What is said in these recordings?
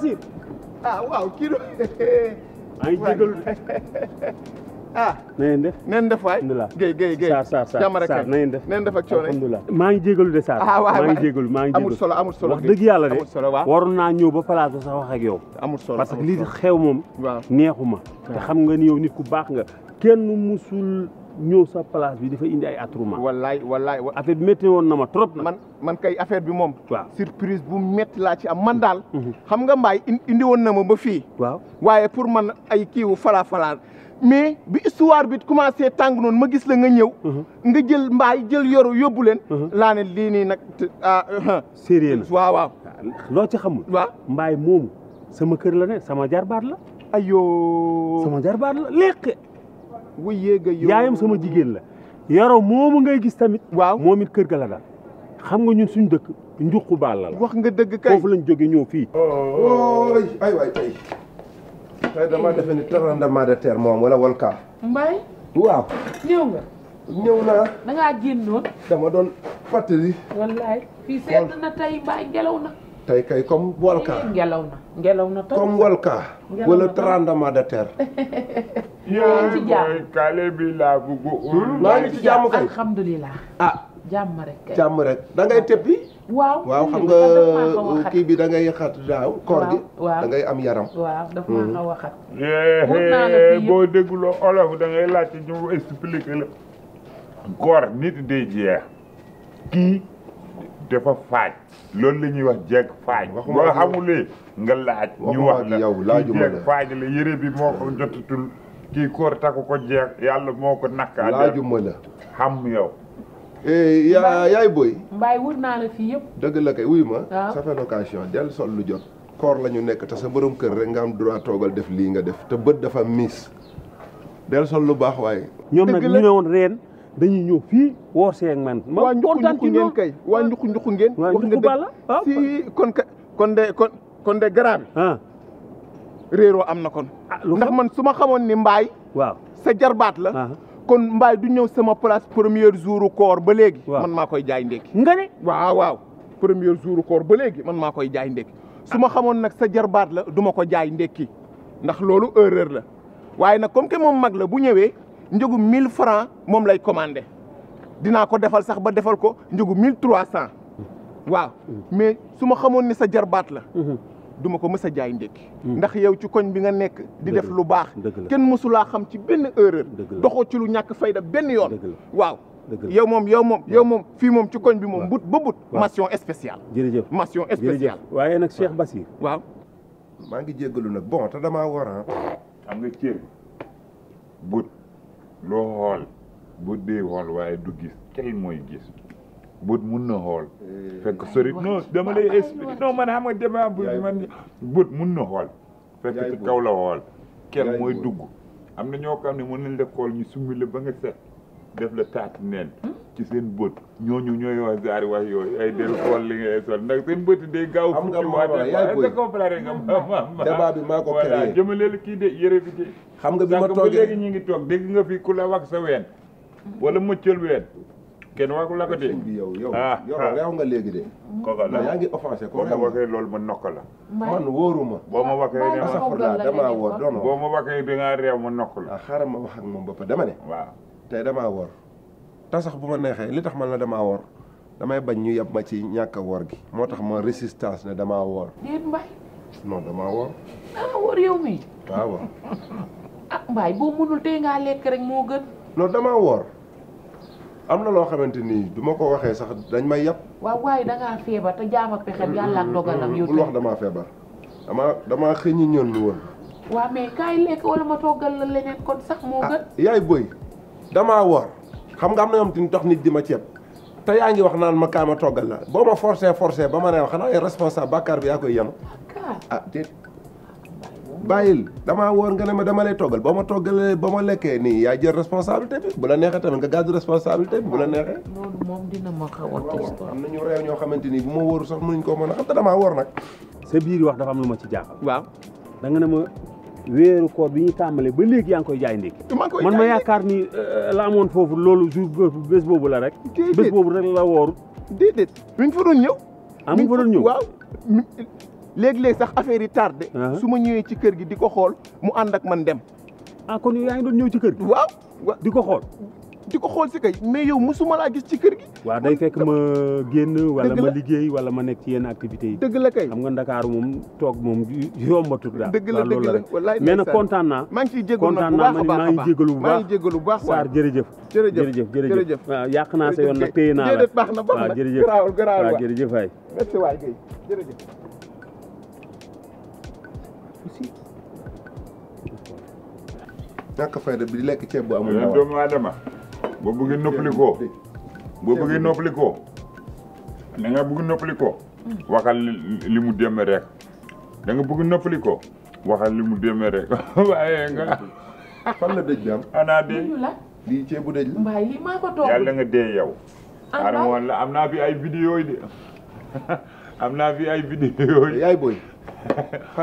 Basir ah waaw kii do ay jégalu ah na ngeen def na ngeen def waay géy géy géy Sarr Sarr Sarr jàmm def na ngeen def ak maa ngi jégalu de Sarr ah waaw maa ngi jégalu maa ngi jégalu amul solo amul solo wax dëgg yàlla de waroon naa ñëw ba plateau sax wax ak yow amul solo parce que lii xew moom neexuma te xam nga ni yow nit ku baax nga kenn musul ñëw sa place bi dafa indi ay attroupement. wallaay wallaay affaire bi métti woon na ma trop. man man kay affaire bi moom. waaw surprise bu métti laa ci am man daal. Mhm. xam nga mbaay indi woon na ma ba fii. waaw waaye pour man ay kiiwu falaa falaa mais bi histoire bi commencé tàng noon ma gis la nga ñëw. Mhm. nga jël mbaay jël yoru yóbbu leen. Mhm. laa ne lii nii nag ah. Uh-huh. sérieux ah, loo ci xamul. waaw mbaay moomu sama kër la ne sama jarbaat la. ayoo sama jarbaat la lekk. wuy yéega yaayam sama jigéen la yoro moomu ngay gis tamit waaw moom it kër ga la daal xam nga ñun suñ dëkk njuqu baa la wax nga dëgg kay foofu lañ jóge ñëw fii ooy ay waay tey tey dama defe ni tremblement de terre moom wala volcan mbay waaw ñëw nga ñëw naa da génnoon dama doon fàttali wallaay fii sedd na tey mbay ngelaw na tey kay comme Walka ngelaw na ngelaw na Walka wala tremblement de terre. yéen mooy kale bi ci jàmm kay alhamdulilah ah jàmm rek kay jàmm waaw xam nga kii bi da ngay xat daaw koor gi da am yaram. waaw dafa maa nga hmm. waxat. Eh, eh, boo dégguloo olof da ngay laajte ñu expliqué la. koor nit day jeex dafa faaj loolu la ñuy wax jeeg faaj. waxuma la xamulee nga laaj. ñu wax la yow laajuma la faaj la yére bi moo ko jotatul kii koor takku ko yàlla moo ko nakkaa. laajuma xam yow. Eh, yaa yaay boy. mbaay wut naa fii yëpp. dëgg la kay wuy ma. sa ah. fait location del sol lu jot. koor lañu nekk te sa borom kër rek nga am droit toogal def lii nga def te bët dafa miis del sol lu baax waaye. ñoom nag ñu ne woon reen. dañuy ñëw fii woor see ak man. waa njuxu ngeen kay waa njuxu njuxu ngeen. waa njuxu balla kon ka kon de kon kon de garaabi. réeroo am na kon. Ah, ndax man su ma xamoon ni mbaay. waaw sa jarbaat la. kon mbaay du ñëw sama place premier jour koor ba léegi. man maa koy jaay ndékki. nga ne waaw waaw. jour koor ba léegi man maa koy jaay ndékki su xamoon nag sa jarbaat la duma ko jaay ndékki ndax loolu erreur la waaye nag comme que moom mag la bu ñëwee. njëgu 1000 francs mom lay commander dina ko defal sax ba defal ko njëgu 1300. waaw mais suma xamone ni sa jarbat la. Mhm. duma ko mës a jaay ndékki mhm. ndax yow ci koñ bi nga nek di def lu bax kenn musula xam ci ben erreur doxo ci lu ñak fayda ben yoon waaw yow mom yow mom yow mom fi mom ci koñ bi mom but ba but mention spéciale jërëjëf mention spéciale waaye nak Cheikh Bassir waaw maa ngi jéggalu nag bon ta dama wor a ah. xam nga cër but loo xool bët dee xool waaye du gis xel mooy gis bët mun na xool eh. fekk sori non dama lay expliquer non man xam nga dama bët man bët mun na xool fekk ci kaw la xool xel mooy dugg am na ñoo xam ne mën nañ lekool ñu summi la ba nga set def la taat neen ci seen bët ñooñu ñooy wax gaari wax yooyu ay del xool li ngay sol ndax seen bëti day gaaw fukki waate comprendre nga ma débat bi maa ko kii de yëre xam nga bi ma toogee ngi toog dégg nga fi ku la wax sa wala mëccal ween kenn waxu la ko de yow yow ah, yow ah. nga léegi de kooka la yaa ko ma waxee loolu ma la man wóoruma boo ma waxee ne asafurlaa damaa wóor doon boo ma waxee da ngaa réew ma nokk la ah, xaaral ma wax ak moom ba dama ne waaw tey damaa woor te sax bu ma neexee li tax ma la damaa woor damay bañ ñu yab ma ci ñàkk a woor gi moo tax ma résistance ne damaa woor. déet Mbaye. non damaa woor. ah woor yow mii. waaw ah Mbaye boo mënul tey ngaa lekk rek moo gën. non damaa woor am na loo xamante ni du ma ko waxee sax dañ may yab. waaw waaye da feebar te jaam pexem yàlla ak dogalam. yow bul wax damaa feebar damaa damaa xëy ñi ñoon lu woon. waaw mais kaay lekk wala ma toggal la leneen dama wor xam nga am na ñoom tin tax nit di ma ceeb te yaa ngi wax naan ma kama togal la bo ma forcé forcé ba ma ne na ay responsable bakar bi yakoy yam ah déet bayil dama wor nga ne ma dama lay togal bo ma togal bo ma lekke ni ya jël responsabilité bi bu la nexé tam nga gadu responsabilité bi bu la nexé lolu mom dina ma xaw a histoire amna ñu rew ño xamanteni ni bu ma wor sax mënuñ ko mëna xam ta dama wor nak sa biir wax dafa am lu ma ci jaaxal. waaw da nga ne ma weeru koor bi ñuy tàmbalee ba léegi yaa ngi koy jaay ndékki man ma yaakaar ni euh, euh, la amoon foofu loolu bu bés boobu la rek bés boobu rek la wooru déedéet mi ngi fa doon ñëw ah mi ngi fa waaw léeg-léeg sax affaire yi tardé ah. su ma ñëwee ci kër gi di ko xool mu ànd ak man dem ah kon yow yaa ñëw ci kër gi waaw di ko xool di ko xool si kay mais yow mosuma laa gis ci kër waa day fekk ma génn wala ma liggéey wala ma nekk ci yenn activités yi. dëgg la kay xam nga ndakaaru moom toog moom yombatul daal. dëgg la dëgg la wallaay mais nag kontaan maa ngi ciy jégalu nag bu baax a baax baax maa jërëjëf. jërëjëf jërëjëf waaw yàq naa sa yoon nag téye naa la jërëjëf baax na baax na jërëjëf garaawul jërëjëf waay. bi di lekk ceeb bu boo bëggee noppalikoo boo bëggee noppalikoo da nga bëgg noppalikoo waxal li mu demee rek bëgg noppalikoo waxal li mu demee rek waaye nga fan la dëj bi am ana dee lii ceebu dëj la mbaay lii ko toog yàlla nga dee am naa fi ay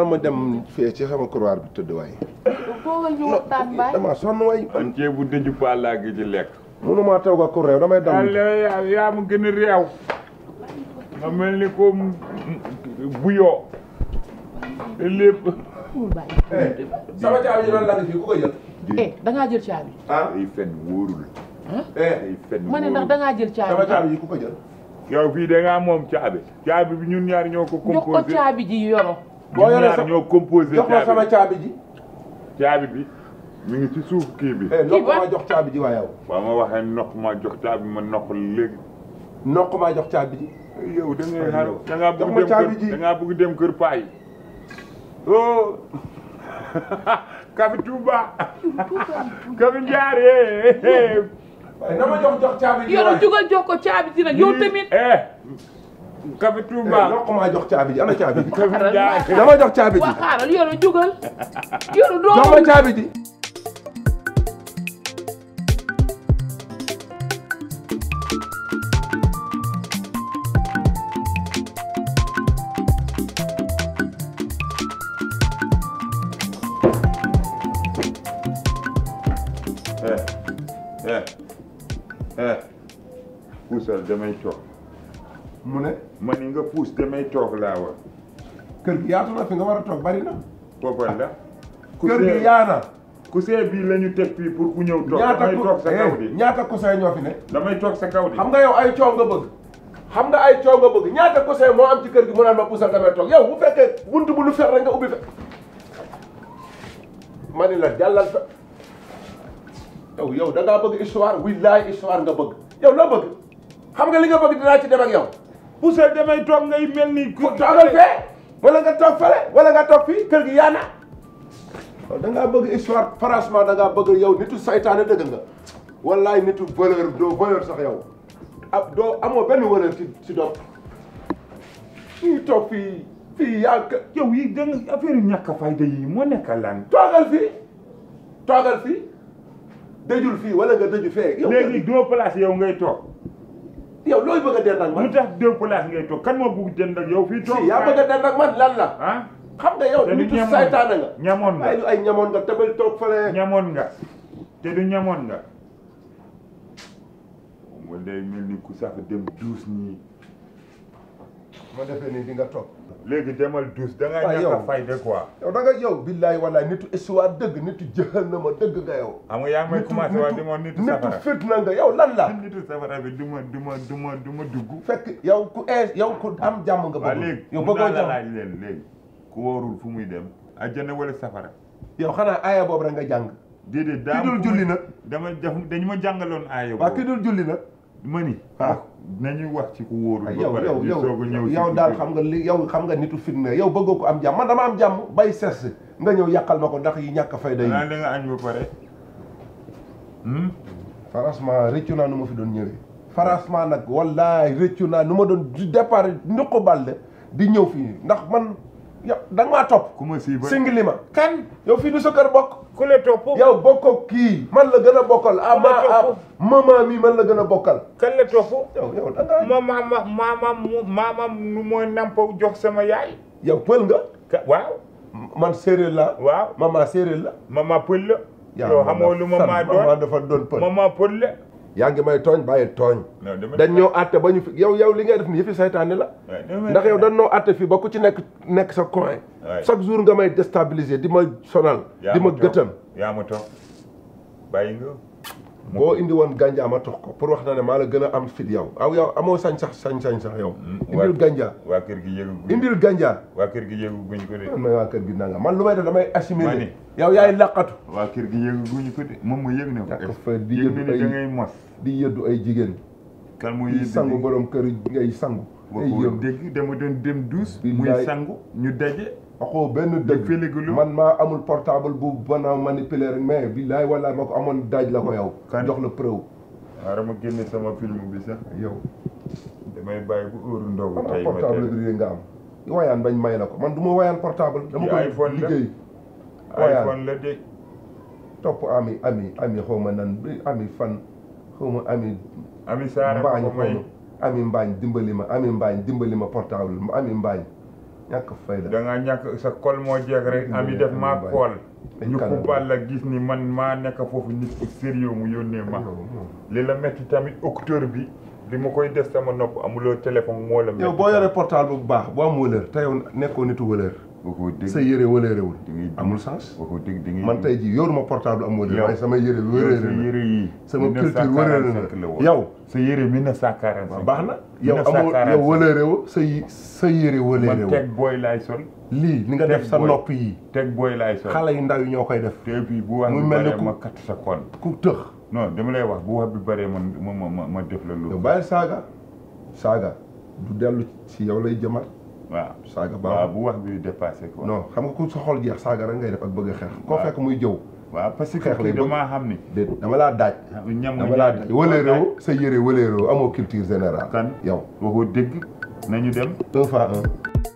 ma dem fee ci sama couloir bi tëdd waay dama sonn waay man ceebu dëju gi ci lekk mënuma toog ak ku réew damay dam yaa ma gën a dá nga mel ni ko buyoo te lépp sama caabi yi doon dagg fii ku ko jël eh dangaa jël caabi ah ay fen wóorul ah? eh? ay me ma ne ndax dangaa jël caabi sama caabi yi ku ko jël yow fii dangaa moom caabi caabi bi ñun ñaar ñoo ko composé jox ko caabi ji yoro boo yoree ñoo composé jox ko sama caabi ji caabi bi mi ngi ci suuf kii bi. Eh, kii nokk maa jox caabi ji waa yow. ba ma waxee nokk maa jox caabi ma nokk léegi. nokk maa jox caabi ji. yow da ngay xaar da ngaa bëgg dem kër da ngaa bëgg dem kër Paa yi. oh. Kabi Touba. Kabi Ndiare. na ma jox jox caabi ji yow jugal jox ko caabi ji nag yow tamit. Eh, Kabi Touba eh, nokk maa jox caabi ji ana caabi ji. Kabi Ndiare dama jox caabi ji. waaw xaaral yow jugal. yow doo ma caabi ji. eh eh eh puusal damay toog. mu ne. ma ni nga puus damay toog laa war. gi yaatu na fi nga war a toog bari na. boobal la. kër gi yaana. coussin bii la ñu teg fii pour ku ñëw toog. damay toog sa kaw eh, di ñaata ñoo ne. damay toog sa kaw di. xam nga yow ay coow nga bëgg. xam nga ay coow nga bëgg ñaata coussin moo am ci kër gi mu naan ma puusal damay toog yow bu fekkee buntu bu lu fer rek nga ubbi fe. ma yow yow da ngaa bëgg histoire wilaay histoire nga bëgg yow loo bëgg xam nga li nga bëgg dinaa ci dem ak yow. Poussé damay toog ngay mel ni. ku toogal fee wala nga toog fële wala nga toog fii kër gi yaa na. waaw bëgg histoire franchement da ngaa bëgg yow nitu saytaane dëgg nga wallaay nitu valeur doo valeur sax yow ab doo amoo benn valeur si ci doom ñuy toog fii fii yaa yow yi da nga affaire fayda yi moo nekk lan. toogal fii toogal fii. dëjul fii wala nga dëju fee. yow léegi deux places yow ngay toog. yow looy bëgg a man. lu tax deux places ngay toog kan moo bëgg dend ak yow. fii toog yaa bëgg a dend ak man lan la. ah xam nga yow. te du ñamoon saytaane nga. ñamoon nga ay ñamoon nga tabal toog fële. ñamoon nga te du ñamoon nga. moom day mel ni ku sax dem douze nii. ma defee nii di nga toog. léegi demal douze da ngaa ñàkk a fayde quoi. yow da nga yow billaay wallaay nitu histoire dëgg nitu jahannama dëgg nga yow. xam nga yaa ngi may commencé waa di ma nitu safara nitu fitna nga yow lan la. bi du ma du ma du du ma dugg. fekk yow ku ee yow ku am jàmm nga bëgg. waaw léegi yow bëggoo jàmm laaj leen léegi ku wóorul fu muy dem. a àjjana wala safara. yow xanaa aaya boobu rek nga jàng. déedéet daa ki dul julli nag. dama def dañ ma jàngaloon aaya boobu. waaw ki dul julli nag. ma ni. na ah. nañu wax ci ku wóoru. Ah, ba pare yow yow yow daal xam nga li yow xam nga nitu fitna yow bëggoo am jàmm man dama am jàmm bay ses nga ñëw yàqal ma ko ndax yi ñàkk fay day. da nga añ ba pare. Hmm? franchement rëccu naa nu ma fi doon ñëwee. franchement nag wallaay rëccu naa nu ma doon di départ nduqu balle di ñëw fii ndax man. yow da nga maa topp. ku ma siibal singili ma. kan yow fii du sa kër bokk. ku la topp yow bokk kii. man la gën a bokkal a ma ah maman mi man la gën a bokkal. kan la topp yow yow da ma maman mu maman mu mooy nampaw jox sama yaay. yow pël nga. waaw. man séeréer la waaw maman séeréer la. maman pël la. lu maman doon doon pël maman pël yaa ngi may tooñ bàyyi tooñ dañ ñëw àtte ba ñu fi yow yow li ngay def nii yëfi saytaane la ndax yow dañ ñoo àtte fii ba ku ci nekk nekk sa coin chaque jour nga may déstabiliser di ma sonal di ma gëtam yaa ma toog bàyyi boo indi woon gànjaa ma tox ko pour wax na ne maa la gën a am fit yow aw yow amoo sañ sax sañ sañ sax yow. Hmm. indil gànjaa waa kër gi yëgu indil gànjaa waa kër gi yëgu guñ ko de. man waa kër gi nanga man lu may def damay assimilé. yow yaay laqatu. waa kër gi yëgu guñ ko de moom mu yëg ne ko. di yëddu ay da ngay mos. di yëddu ay jigéen. kan muy sangu borom kër ngay sangu. ay yëngu dégg dama doon dem duus. muy sangu ñu daje. waxoo man maa amul portable bu mën a manipuler mais billaay walaay ma ko amoon daaj la ko yow jox la preuve waaw sama film bi sax yow bañ may la ko man du ma wayaan portable dama ko liggéey iPhone la topp ami ami ami xaw ma nan ami fan xaw ami mbaañ dimbali ma ami mbaañ dimbali ma portable ami mbaañ ñàkk fayda da ngaa ñàkk sa col mo jeeg rek ami def ma col ñu ko bal la gis ni man ma nekk fofu nit ku sérieux mu yónnee ma lila metti tamit octeur bi li ma koy des sama nopp amuloo téléphone mo la metti yow bo yoré portable bu baax bo am wëlër te nitu wëlër boo ko dégg sa yére wëleerewul amul sens man tey jii yoruma portable am wëleere sama yére yi sama culture wëleere na yow sa yére 1945 baax na yow amoo yow wëleerewu sa sa yére wëleerewu booy laay sol lii li nga def sa nopp yi teg booy laay sol xale yu ndaw yi ñoo koy def te puis bu mu mel ni ma kat sa kon ku tëx non dama lay wax bu wax bi bëree ma ma ma def lu bàyyi saaga saaga du dellu ci yow lay jëmaat waaw saaga baax waaw bu wax bi dépassé quoi. non xam nga ku sa jeex saaga rek ngay def ak bëgg a xeex. koo fekk muy jëw. waaw parce que kii damaa xam ni déedéet dama laa daaj. ñam dama laa daaj wëleeroo sa yére wëleeroo amoo culture générale. kan yow waxoo dégg nañu dem. un fois un.